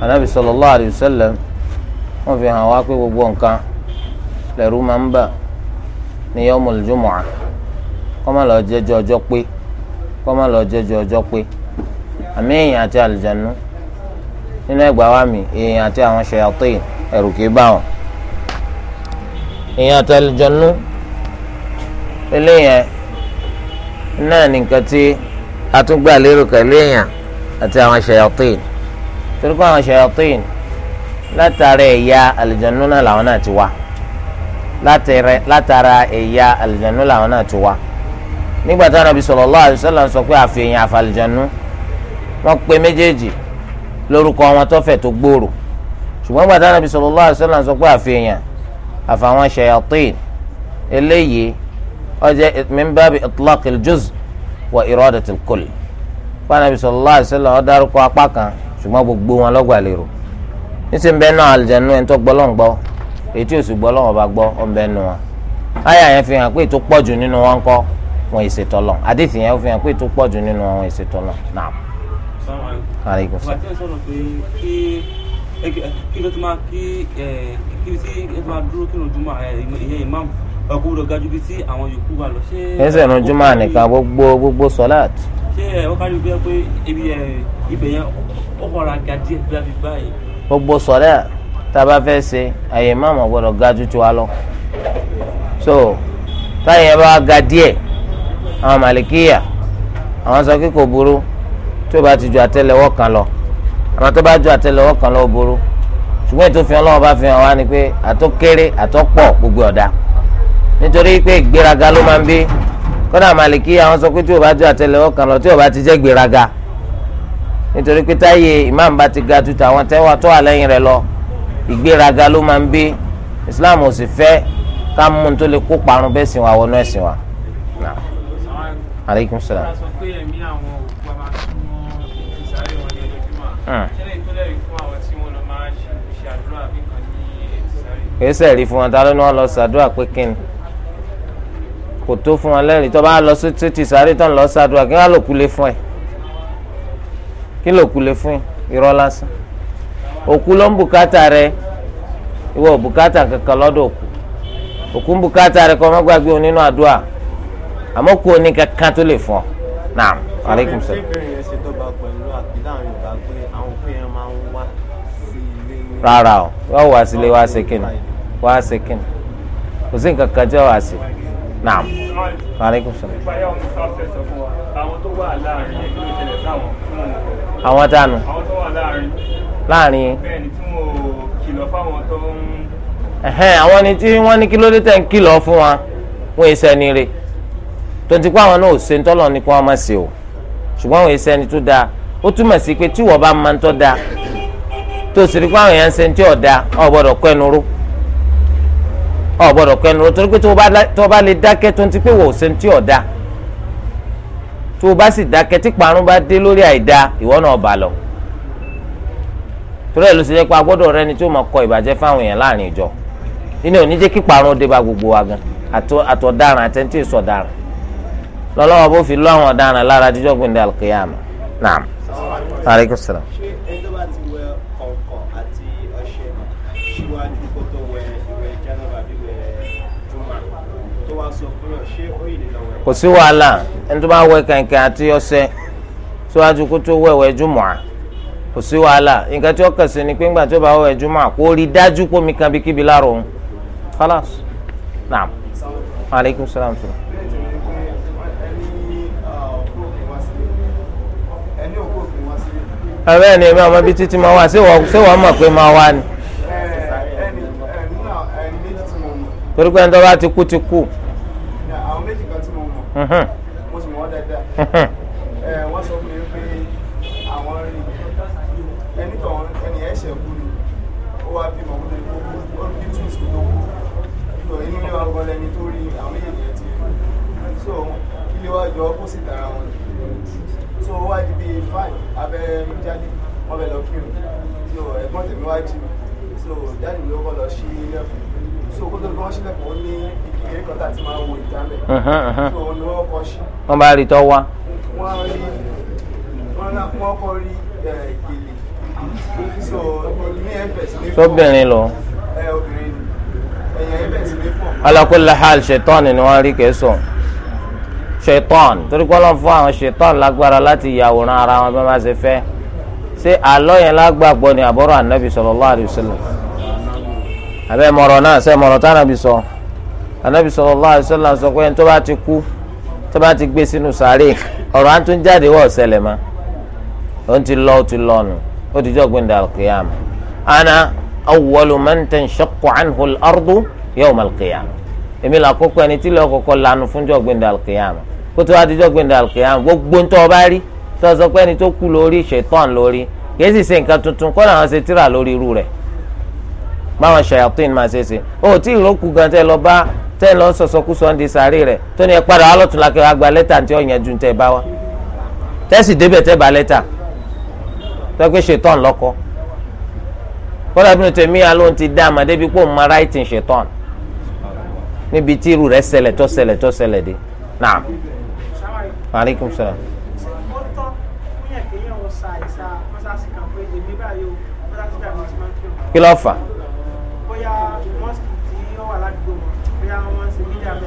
anabi sallallahu alayhi wa sallam wọ́n fi hàn wá pé gbogbo nǹkan lẹ́rú máa ń bà ní yọmọ lójúmọ́à kọ́ má lọ jẹ́jọ́ ọjọ́ pé kọ́ má lọ jẹ́jọ́ ọjọ́ pé àmì èèyàn àti àlùjánu nínú ẹgbàá wa mi èèyàn àti àwọn ṣayatin ẹ̀rù kì í bà èèyàn àti àlùjánu eléyẹn náà ní tí a tún gbà lérò pẹ̀lú èèyàn àti àwọn ṣayatin torí pé àwọn ṣayatin látara ẹ̀yà àlùjànnú náà làwọn náà ti wá látara ẹ̀yà àlùjànnú làwọn náà ti wá nígbà tí Ànábì sallallahu alaihi wasallam sọ pé àfihàn àfàlùjànnú wọ́n pe méjèèjì lórúkọ wọn tó fẹ̀ tó gbòòrò ṣùgbọ́n nígbà tí Ànábì sallallahu alaihi wasallam sọ pé àfihàn àfàwọn ṣayatin eléyìí ó jẹ́ min babi itlaqil juz wa iradatil kull Ànábì sallallahu alaihi wasallam ó dárúkọ apá kan ṣùgbọ́n gbogbo wọn lọ́gbà lérò níṣẹ́ ń bẹ náà àlùjànnú ẹni tó gbọ́ lọ́n gbọ́ ètí òsì gbọ́ lọ́wọ́ bá gbọ́ ó ń bẹ nu wọn. àyà yẹn fi hàn pé ètò pọ̀jù nínú wọn kọ́ wọn èsè tọ́lọ̀ àdìsí yẹn fi hàn pé ètò pọ̀jù nínú wọn èsè tọ́lọ̀ náà. ẹsẹ̀ ìrun jùmọ̀ nìkan gbogbo gbogbo sọ́láàtì. ṣé ẹ̀ wọ́n kárí bí wọ́n pé ibi ibẹ̀ yẹn ó kọra ga díẹ̀ gbáfi báyìí. gbogbo sọ̀rẹ́ à tá a bá fẹ́ ṣe àyè máàmù gbọ́dọ̀ ga jù tiwa lọ so táyà yẹn bá ga díẹ̀ àwọn màlìkíyà àwọn sọ pé kò burú tó bá ti ju àtẹ́lẹwọ́ kan lọ àwọn tó bá ju àtẹ́lẹwọ́ kan lọ burú ṣùgbọ́n ètò fi hàn lọ́wọ́ bá fi hàn wá ni pé àtọ́kéré àtọ́pọ̀ gbogbo ọ̀dà nítorí pé ìgbéraga ló máa ń bí kọ́dà màlìkíyà àwọn sọ pé tí o bá ju àtẹ́lẹwọ́ kan lọ tí o bá ti jẹ́ gbéraga nítorí pé táyé imam bá ti ga ju tàwọn tẹ́wọ́ tó wà lẹ́yìn rẹ̀ lọ ìgbéraga ló máa ń bí islam ò sì fẹ́ ká mú un tó lè kó parun bẹ́ẹ̀ sìn wá wọnú ẹ̀sìn wa. aleykum salaam. Hmm. fún wọn ta ló ní wọn lọ sàdúrà pé kí ni kò tó fún wọn lẹ́rìí tó bá lọ sí ti sàárè tán lọ sàdúrà kí wọn á fún ẹ. kí ló kulè fún irọ́ lásán òkú ló ń bùkátà rẹ ìwọ bùkátà kankan lọ́dọ̀ òkú fún ọ naam aleykum salaam. rárá o wọ́n wá sílé wá ṣe kíni wá kíni kò sí nǹkan kan wá sí naam àwọn tánu. àwọn tó láàrin. láàrin. tí ń. ẹhẹn àwọn ni tí ní ń fún wa wọn tó ti náà ò ṣe ń tọ́lọ̀ ní wọ́n má o ṣùgbọ́n àwọn èsì ni tó dáa ó túmọ̀ sí pé tí wọ́n bá máa ń tọ́ tó sì rí pé àwọn èèyàn ṣe ń tí ò gbọ́dọ̀ kọ́ ẹnu ró gbọ́dọ̀ kọ́ tó o bá sì dákẹ́ tí parun bá dé lórí àìda ìwọ náà lọ torí ẹ̀ ló ṣe jẹ́ pé a gbọ́dọ̀ rẹni tí ó mọ̀ kọ ìbàjẹ́ fáwọn èèyàn láàrin ìjọ nínú òní jẹ́ kí parun dé bá gbogbo wa gan àtọ̀daràn àtẹ̀ntì ìsọ̀daràn lọ́lọ́wọ́ bó fi lọ́ kò sí wàhálà ẹni tó bá wẹ kẹ̀kẹ́ àti ọṣẹ síwájú kó tó wẹ̀wẹ̀ jùmọ̀à kò sí wàhálà nǹkan tí ó kàn sí ni pé ńgbà tí ó bá wẹ̀wẹ̀ jùmọ̀à kó rí dájú pé omi kan bí kíbi láàrọ̀ òun kálá naam aleykum salaam tó. ẹ̀rẹ́ ni ẹ̀mí ọmọ bíi títí máa wá ṣé wọ́n mọ̀ pé máa wá ni. torí pé ẹni tó bá ti kú ti kú mo sì wọ́n dáadáa wọ́n sọ fún mi pé àwọn rí ẹni tó ẹni ẹ̀ṣẹ̀ kú ni ó wá bímọ kó lórí kó bí tún ìsìn tó kú ìgbà inú ilé wa gbọ́dọ̀ ẹni tó rí àwọn èèyàn ti rí so ilé wa jọ kó sì tara wọn so ó wá di bíi fáìn abẹ́ jáde wọ́n bẹ̀ lọ kírun so ẹ̀gbọ́n tèmi wá jí so jáde ló kọ́ lọ sí ilé ọ̀fẹ́. Uh-huh, uh-huh. wọ́n bá rí tọ́ wá. Eh, sóbìnrin lọ. Eh, ala kulli hal ṣètọ́n ni wọ́n rí kẹsàn ṣètọ́n torí pé wọ́n fún àwọn ṣètọ́n lágbára láti yàwòrán ara wọn bí wọ́n bá ṣe fẹ́ ṣé àlọ́ yẹn lágbàgbọ́ ni àbọ̀rọ̀ ànábì sallallahu alaihi wasallam abẹ́ mọ̀rọ̀ náà sẹ́ mọ̀rọ̀ tánàbí sọ Ànábì sallallahu alaihi wasallam sọ pé tó bá ti kú tó bá ti gbé sínú sàárè ọ̀rọ̀ à ń tún jáde wọ̀ ṣẹlẹ̀ ma ó ti lọ ó ti lọ́nu ó ti jọ́ gbẹ̀ndà al-qiyamah ana awwalu man tanshaqqu anhu al-ardu yawm al-qiyamah èmi là kókó ẹni tí lọ́ọ́ kọ́kọ́ lanu fún jọ́ gbẹ̀ndà al kó tó bá ti jọ́ gbẹ̀ndà al gbogbo ń tọ́ ọ rí tó sọ pé ẹni tó kú lórí ṣètọ́n lórí kì í tuntun kọ́ làwọn ṣe tíra lórí irú rẹ̀ báwọn ṣayatin máa ṣe ṣe o tí ìrókù gan tẹ lọ bá tẹ lọ sọsọkú sọǹdì sàárì rẹ tó ní ẹ padà wà lọtún lákẹ àgbà lẹ́tà tí ó te tẹ bá wa tẹsí débẹ̀ tẹ bá tẹ pé ṣetán lọkọ kódà bí tèmi alóhùn ti dá àmàdé bí pò ń ma ráìtì ṣetán níbi tí irú rẹ ṣẹlẹ̀ tó ṣẹlẹ̀ tó ṣẹlẹ̀ dé maaleykum salaam. kí ló fà á.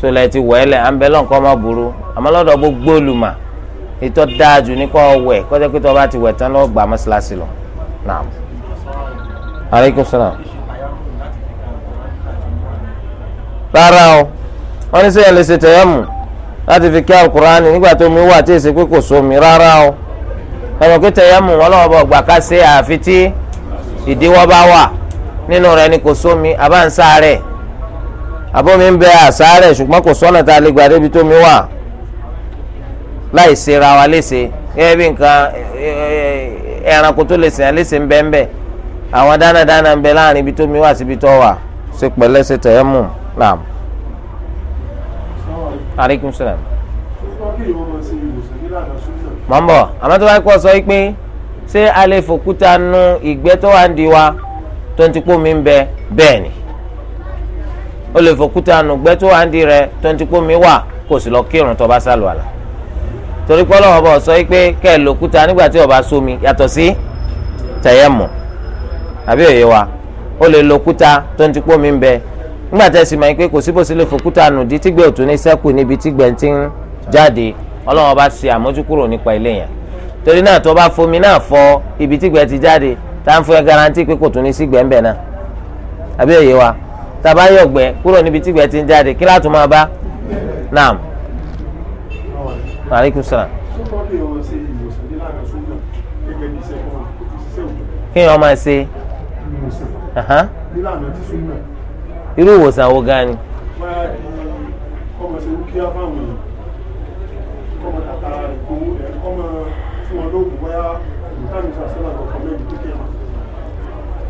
sọlẹ̀ ti wẹ̀ẹ́lẹ̀ à ń bẹ lọ́nkọ́ ọmọ burú àmọ́ lọ́dọ̀ gbogbo olùmọ̀ ètò dáàjù ní kò wẹ̀ kọjá pé bá ti wẹ̀ tán lọ gbà mọ́ṣáláṣí lọ. naam aleykum salaam. rárá o wọ́n ní sẹ́yìn lè ṣe tẹ̀yẹ́mù láti fi kí alukur'ani nígbà tó mi wà tí èsì pé kò sómi rárá o ẹ̀rọ pé wọn lọ́wọ́ bọ̀ gbà ká ṣe àfi tí ìdíwọ́ bá wà nínú ni kò sómi àbá ń sáré. abómi ń bẹ àṣàrẹ̀ ṣùgbọ́n kò sọ́nà tá a lè gbà débi tó mi wà láì ṣe ra wa léṣe gẹ́gẹ́ bí nǹkan ẹranko tó lè sìn án léṣe ń bẹ ń bẹ àwọn dánadáná ń bẹ láàrin ibi tó mi wà síbi tó wà ṣe pẹ̀lẹ́ ṣe tẹ̀ mú naam. mọ̀ ń bọ̀ àmọ́ tó bá kọ́ sọ pé ṣé a lè fòkúta nu ìgbẹ́ tó wà ń di wa tó ń ti pò mí ń bẹ bẹ́ẹ̀ ni. o lè fòkúta nùgbẹ́ tó wà ń di rẹ tó ń ti pómi wà kò sì lọ kírun tó bá sálù àlà torí pé ọlọ́wọ́ bọ̀ sọ pé kẹ́ ẹ̀ lòkúta nígbà tí ọba sómi yàtọ̀ sí tẹ̀yẹ̀mù àbí o lè lòkúta tó ń ti pómi ń bẹ nígbà sì máa ń pé kò síbò sí lè fòkúta di tígbẹ́ òtún ní sẹ́kù níbi ti ń fọ ibi tígbẹ́ ti jáde tàbá yọ̀gbẹ́ kúrò níbi tí gbẹ́ ti ń jáde kí látún máa bá naam maaleykum salaam. kí ni wọ́n máa ṣe irú ìwòsàn wo gan ni. kọ́mọ tàtàrà ìgbowó ẹ̀ kọ́mọ fún ọlọ́ọ̀gùn bóyá ìtàn ìṣàṣẹ́lẹ̀ lọ.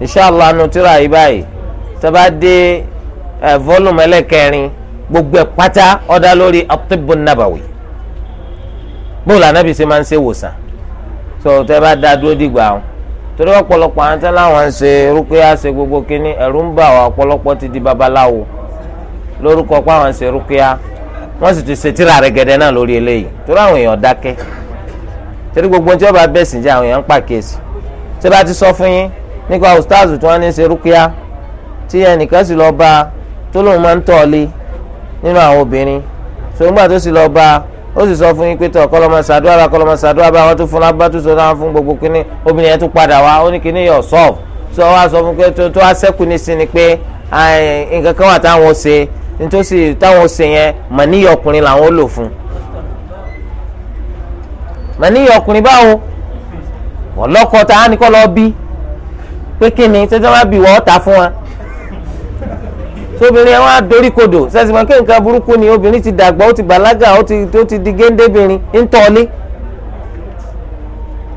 Inshallah nu tíra yìí báyìí tó bá dé volume ẹlẹ́kẹrin gbogbo ẹ̀ pátá ọ̀dà lórí at-tibbu nabawi bóòlù anábì ṣe máa ń ṣe wòsàn tó tẹ́ bá dá dúró dìgbà wọn torí ọ̀pọ̀lọpọ̀ àwọn tẹ́ láwọn ń ṣe rúkúyà ṣe gbogbo kínní ẹ̀rù ń bà wọ́n ọ̀pọ̀lọpọ̀ ti di babaláwo lórúkọ pé àwọn ń ṣe rúkúyà wọ́n sì ti ṣe tíra rẹ̀ gẹ́dẹ́ náà lórí eléyìí torí àwọn èèyàn dákẹ́ torí gbogbo tí wọ́n bá bẹ̀sìn jẹ́ àwọn èèyàn ń pàkíyèsí tí wọ́n bá ti sọ fún yín nípa ustaazu tí wọ́n ní ṣe rúkìá tí ẹnìkan sì lọ bá tó lóun máa ń tọ̀ọ́lé nínú àwọn obìnrin sòǹgbà tó sì lọ bá ó sì sọ fún yín pé tọ kọlọmọ sàdúrà bá kọlọmọ sàdúrà bá wọn tún fún lábá tún sọ náà fún gbogbo kínní obìnrin yẹn tún padà wá ó ní kínní yọ sọf sọ wá sọ fún pé tó tó asẹ́kù ní sinmi pé nǹkan kan wà táwọn ṣe nítòsí táwọn ṣe yẹn màníyàn ọkùnrin làwọn ó lò fún màníyàn ọkùnrin báwo ọlọ́kọ tá a ní kọ́ lọ bí pé kí ni ṣé tí wọ́n bì wọ́n ta fún wa sóbìnrin wọn á dorí kodò sẹ́sìmọ́ kí nǹkan burúkú ni obìnrin ti dàgbà ó ti bàlágà ó ti ó ti di géńdébìnrin ń tọ́lé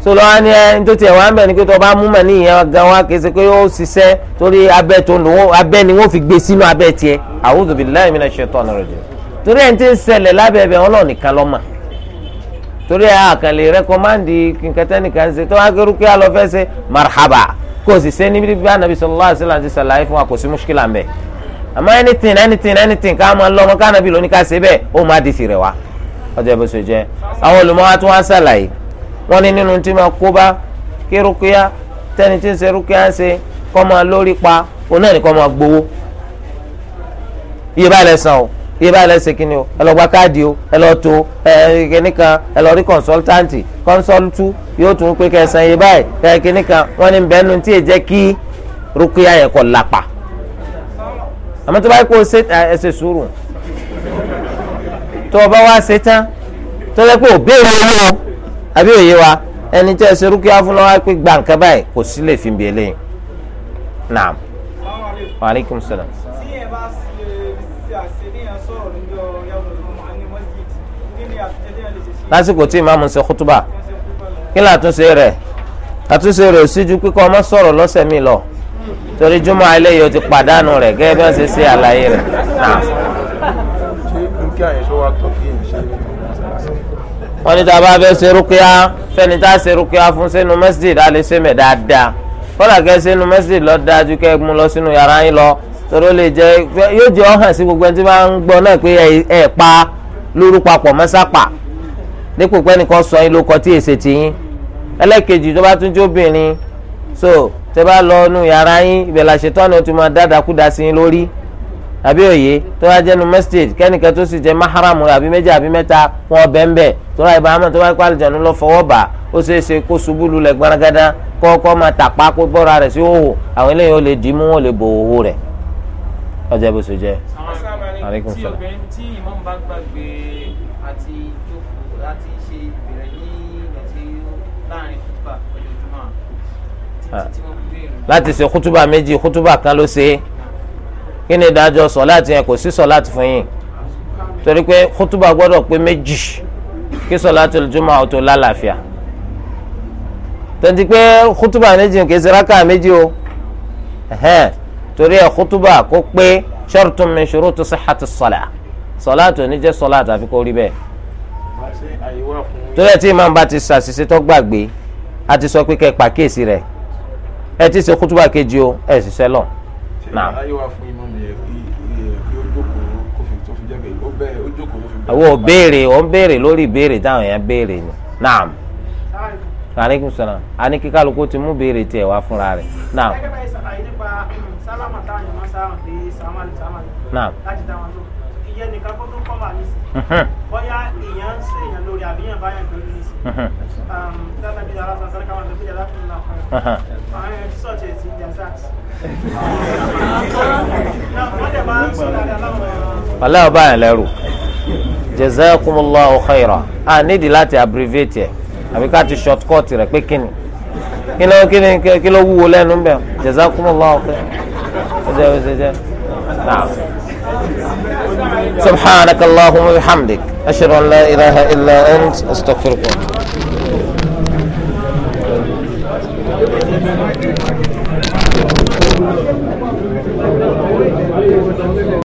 sọlọ wa ni ẹni tó tiẹ̀ wá ń bẹ̀ ni pé tó bá mú mà níyẹn gan tor'i kì í ṣe pé ó ṣiṣẹ́ torí abẹ́ tó lò abẹ́ ni wọ́n fi gbé sínú abẹ́ tiẹ̀ a'udhu billahi minash shaitani rajim torí ẹni tí ń ṣẹlẹ̀ lábẹ́ ẹbẹ̀ wọn lọ́ọ̀ nìkan lọ́mà torí àkànlè rẹ́kọ̀mándì kìkẹ́tẹ́ ṣe tó wá kérúkẹ́ àlọ́fẹ́ ṣe marhaba kó o sì ṣe níbi bí anabi sallallahu alaihi wasallam ti ṣàlàyé fún wa kò sí mushkila mbẹ àmọ́ anything anything anything ká máa lọ ọmọ ká anabi lóní ká ṣe bẹ́ẹ̀ ó máa di tirẹ̀ wa ọjọ́ ìbí sọ jẹ́ àwọn olùmọ́wá tí wọ́n ṣàlàyé wọ́n ní nínú tí máa kó bá kí rúkúyà tẹ́ni tí ń ṣe rúkúyà ń ṣe kọ́ máa lórí pa òun náà ní kọ́ máa gbowó iye báyìí lẹ́sàn o yé báyìí lẹ́sẹ̀ kí ni o ẹ lọ gba káàdì o ẹ lọ tó ẹ kíní kan ẹ lọ rí kọ̀nsọ́ltáǹtì kọ́nsọ́ltù yóò tún pé kẹsàn yé báyìí ẹ kíní kan wọ́n ní bẹ́ẹ̀ nu tí yé jẹ́ kí rúkìá yẹn kọ̀ lápá àmọ́ tó bá kó ẹ ṣe sùúrù tó o bá wá ṣe tán tó yẹ pé òbéèrè owó àbí òye wa ẹni tí ẹ ṣe fún báyìí kò sí lè fi bìí eléyìí lásìkò tí ìmáàmù ń ṣe kútúbà kí ni àtúnṣe rẹ̀ àtúnṣe rẹ̀ ò síjú pípọ́ ọmọ sọ̀rọ̀ lọ́sẹ̀ mi lọ torí jùmọ̀ alẹ́ o ti pàdánù rẹ̀ gẹ́gẹ́ bí wọ́n ṣe ṣe àlàyé rẹ̀ náà. wọ́n ní tá a bá fẹ́ ṣe rúkìá fẹ́ni tá a ṣe rúkìá fún sínú mẹ́sídìd a lè ṣe mẹ́ dáadáa kọ́lá kẹ́ sínú mẹ́sídìd lọ dájú kẹ́ mú lọ sínú yàrá yín lọ torí ó lè jẹ́ yóò jẹ́ ọ̀hàn sí gbogbo ẹni tí wọ́n ń gbọ́ náà pé ẹ̀ pa lóru papọ̀ mọ́sápà dípò pé ẹnìkan sọ yín ló kọ tí èsè ti yín ẹlẹ́kejì tó bá tún jó obìnrin so tẹ bá lọ nu yàrá yín ibẹ̀ la ṣetán ni o ti máa dáadáa kú da sí yín lórí àbí òye tó bá jẹnu mẹsítẹ̀dì kẹ́nìkan tó sì jẹ máhàrámù àbí méjì àbí mẹ́ta wọn bẹ́ẹ̀nbẹ́ tó bá ibà àmọ́ tó bá pàlẹ́ jẹ̀nu lọ fọwọ́ bà ó ṣeé ṣe kó ṣubú lulẹ̀ gbaragada kọ́kọ́ máa tàpá kó bọ́ra rẹ̀ sí òhò àwọn eléyìí ó lè dìímú wọn lè bò òhò rẹ̀ ọjà bó ṣe jẹ́ aleykum salaam. tí obìnrin tí imam bá gbàgbé àti jókòó láti ṣe ìbẹ̀rẹ̀ ní ìgbà tí láàrin kútùbà ojoojúmọ́ títí wọ́n fi béèrè. láti ṣe kútùbà méjì kútùbà kan ló ṣe é kí ni ìdájọ́ sọ̀láàtì yẹn kò sí sọ̀láàtì fún yín torí pé kútùbà gbọ́dọ̀ pé méjì kí sọ̀láàtì ojoojúmọ́ àwọn tó lálàáfíà tẹ̀ntì pé kútùbà méjì kì í ṣe rákà méjì o torí ẹ̀ kútùbà kó pé shartun min shurutu sihhati salah sọláàtò ní jẹ́ sọláàtò àfi kó rí bẹ́ẹ̀. tó yẹ tí imam bá ti ṣàṣìṣe tó gbàgbé a ti sọ pé kẹ́ ẹ pàkíyèsí rẹ̀ ẹ ti ṣe kútúbà kejì o ẹ sì ṣẹlọ. àwọn ò béèrè ò ń béèrè lórí ìbéèrè táwọn èèyàn béèrè ni naam aleykum salaam a ti mú béèrè tiẹ̀ wá fúnra rẹ̀ naam sálámà táwọn èèyàn máa sáwọn pé sàmàlì sàmàlì láti dá wọn lò ìyẹn nìkan kó tó kọ́mà nísì bóyá èèyàn ń sè èèyàn lórí àbí èèyàn báyàn pẹ̀lú nísì dáadáa bí ara sàn sáré káwọn lọ fìyà láti nà fún ẹ àwọn èèyàn ti sọ̀tì ẹ̀sìn ìjà sars. wọ́n dẹ̀ ọba yẹn lẹ́rù jazakumullahu khayra a nídìí láti abbreviate ẹ àbí ká ti shortcut rẹ pé kíni kí ló wúwo lẹ́nu bẹ́ẹ̀ jazakumullahu khayra. تجاوز نعم سبحانك اللهم وبحمدك أشهد أن لا إله إلا أنت أستغفرك